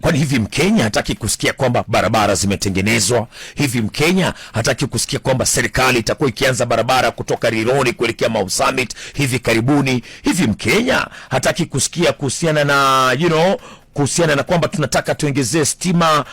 Kwani hivi Mkenya hataki kusikia kwamba barabara zimetengenezwa? Hivi Mkenya hataki kusikia kwamba serikali itakuwa ikianza barabara kutoka Rironi kuelekea Mau Summit hivi karibuni? Hivi Mkenya hataki kusikia kuhusiana na you know, kuhusiana na kwamba tunataka tuengezee stima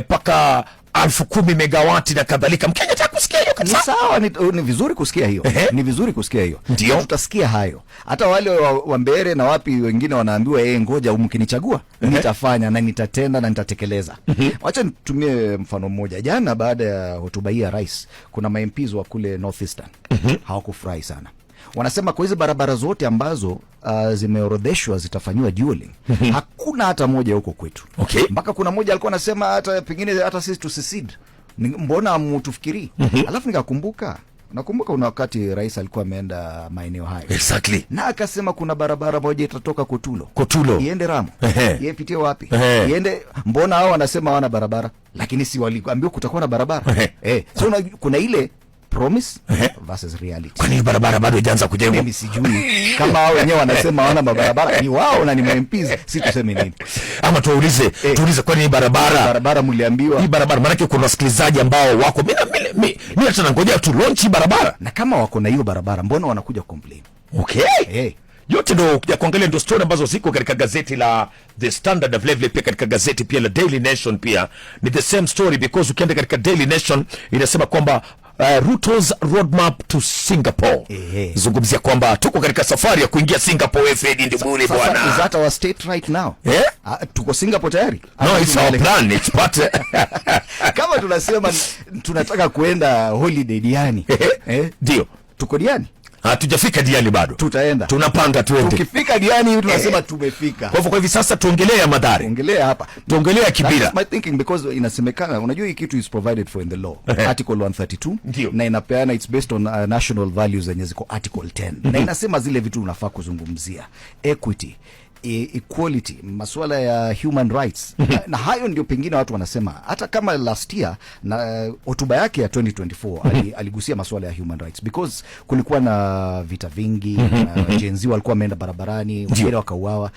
mpaka eh, alfu kumi megawati na kadhalika? Mkenya hataki ni sawa, ni, uh, ni vizuri kusikia hiyo ni vizuri kusikia hiyo ndio tutasikia hayo. Hata wale wa, wa Mbere na wapi wengine wanaambiwa yeye, eh, ngoja umkinichagua nitafanya na nitatenda na nitatekeleza. Mhm. Wacha nitumie mfano mmoja. Jana baada ya hotuba hii ya rais, kuna maempizo wa kule Northeastern mhm. hawakufurahi sana wanasema kwa hizi barabara zote ambazo uh, zimeorodheshwa zitafanyiwa dueling mhm. hakuna hata moja huko kwetu. Okay. Mpaka kuna moja alikuwa anasema hata pengine hata sisi tusicede mbona mtufikirii? Mhm. Alafu nikakumbuka nakumbuka una wakati rais alikuwa ameenda maeneo hayo exactly, na akasema kuna barabara moja itatoka Kotulo, Kotulo iende Ramu, iepitie wapi? Iende mbona hao wanasema hawana barabara, lakini si waliambiwa kutakuwa na barabara eh? So una, kuna ile promise versus reality. Kwa nini barabara bado haijaanza kujengwa? Mimi sijui kama wao wenyewe wanasema wana mabarabara ni wao na ni MPs, si tuseme nini? Ama tuulize eh, tuulize kwa nini barabara barabara mliambiwa hii barabara? Maana kuna wasikilizaji ambao wako mimi mimi mimi hata nangoja tu launch barabara, na kama wako na hiyo barabara, mbona wanakuja complain? Okay, hey. Eh. Yote ndo kuja kuangalia ndo story ambazo ziko katika gazeti la The Standard of Level, pia katika gazeti pia la Daily Nation pia ni the same story, because ukienda katika Daily Nation inasema kwamba uh, Ruto's roadmap to Singapore. Ehe. Zungumzia kwamba tuko katika safari ya kuingia Singapore FA ndio bure bwana. Is that our state right now? Yeah? Eh? Uh, tuko Singapore tayari? No, ah, it's our plan. It's part. Kama tunasema tunataka kuenda holiday Diani. Eh? Ndio. Tuko Diani. Hatujafika Diani bado, tutaenda, tunapanga tuende. Tukifika Diani eh. tunasema eh, tumefika. Kwa hivyo kwa hivi sasa tuongelee ya Madhari, tuongelee hapa, tuongelee ya Kibira. my thinking because inasemekana, unajua hii kitu is provided for in the law eh. article 132 Ndiyo. na inapeana it's based on uh, national values zenye ziko article 10 na mm-hmm. inasema zile vitu unafaa kuzungumzia equity E, equality, masuala ya human rights na, na hayo ndio pengine watu wanasema hata kama last year na hotuba yake ya 2024 aligusia masuala ya human rights because kulikuwa na vita vingi na jenzi walikuwa wameenda barabarani wengine wakauawa.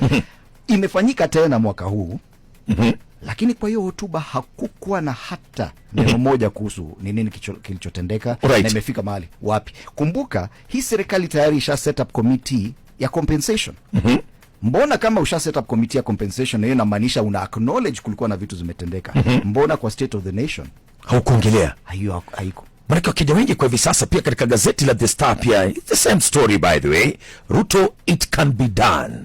Imefanyika tena mwaka huu mhm. lakini kwa hiyo hotuba hakukuwa na hata neno mhm. moja kuhusu ni nini kilichotendeka right. na imefika mahali wapi? Kumbuka hii serikali tayari isha set up committee ya compensation mhm mbona kama usha set up committee ya compensation na hiyo inamaanisha una acknowledge kulikuwa na vitu zimetendeka. mm -hmm. Mbona kwa state of the nation haukuongelea hiyo? Haiko manake wakenya wengi kwa hivi sasa, pia katika gazeti la The Star pia it's the same story by the way. Ruto, it can be done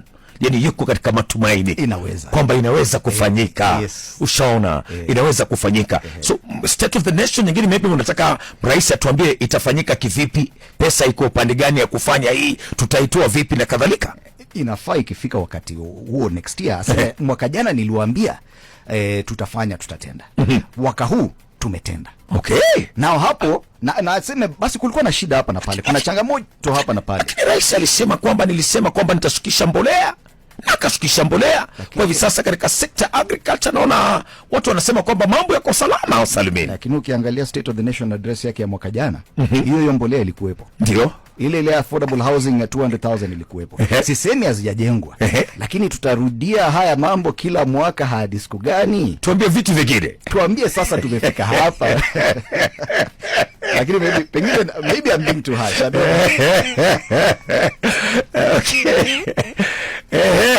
Yani yuko katika matumaini inaweza, kwamba inaweza kufanyika eh, yes. Ushaona yes. Eh. Inaweza kufanyika yes. Eh. So state of the nation nyingine maybe unataka rais atuambie itafanyika kivipi, pesa iko upande gani ya kufanya hii, tutaitoa vipi na kadhalika inafaa ikifika wakati huo next year. Sasa eh. mwaka jana niliwaambia e, tutafanya tutatenda. Mhm. Mwaka huu tumetenda. Okay. Na hapo na, na basi kulikuwa na shida hapa na pale. Kuna changamoto hapa na pale. Rais alisema kwamba nilisema kwamba nitashukisha mbolea na akashukisha mbolea. Kwa hivi sasa katika sekta agriculture naona watu wanasema kwamba mambo yako salama au salimini. Lakini ukiangalia State of the Nation address yake ya mwaka jana, mhm. hiyo hiyo mbolea ilikuwepo. Ndio ile ile affordable housing ya 200,000 ilikuwepo. Sisemi hazijajengwa, lakini tutarudia haya mambo kila mwaka hadi siku gani? Tuambie vitu vingine, tuambie sasa tumefika hapa. lakini maybe, pengine maybe I'm being too harsh. Okay.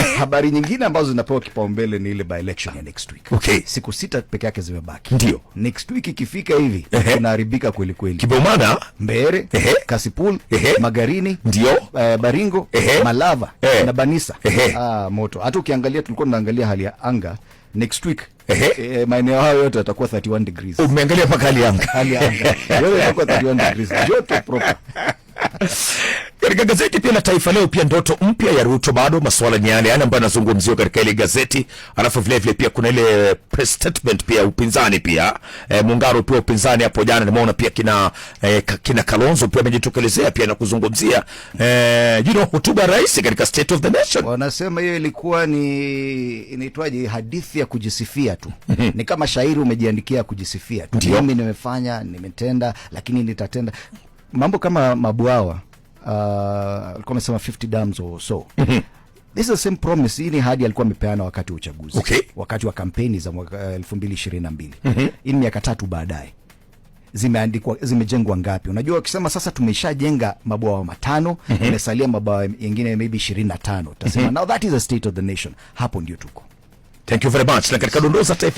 Habari nyingine ambazo zinapewa kipaumbele ni ile by election ya next week. Okay. Siku sita peke yake zimebaki. Ndio. Next week ikifika hivi tunaharibika kweli kweli. Kibomana, Mbere, Kasipul, Magarini, ndio, uh, Baringo, Malava na Banisa. Ah, moto. Hata ukiangalia tulikuwa tunaangalia hali ya anga next week eh, eh, maeneo hayo yote yatakuwa 31 degrees. Umeangalia mpaka hali anga, hali anga yote yatakuwa 31 degrees, joto proper Katika gazeti pia la Taifa Leo, pia ndoto mpya ya Ruto, bado masuala ni yale yale ambayo yanazungumziwa katika ile gazeti, alafu vile vile pia kuna ile press statement pia upinzani pia e, Mungaro pia upinzani hapo jana nimeona pia kina e, kina Kalonzo pia amejitokelezea pia na kuzungumzia e, you know hotuba rais katika State of the Nation. Wanasema hiyo ilikuwa ni inaitwaje, hadithi ya kujisifia tu mhm. Ni kama shairi umejiandikia kujisifia tu, mimi nimefanya nimetenda, lakini nitatenda mambo kama mabuawa uh, alikuwa amesema 50 dams or so mm -hmm. This is the same promise. Hii ni ahadi alikuwa amepeana wakati wa uchaguzi okay. Wakati wa kampeni za mwaka uh, elfu mbili ishirini na mbili mhm. Hii ni miaka tatu baadaye zimeandikwa zimejengwa ngapi? Unajua, wakisema sasa tumeshajenga mabwawa matano mm -hmm. Imesalia mabwawa mengine maybe tano utasema mm -hmm. Now that is a state of the nation. Hapo ndio tuko. Thank you very much. Na katika dondoo za taifa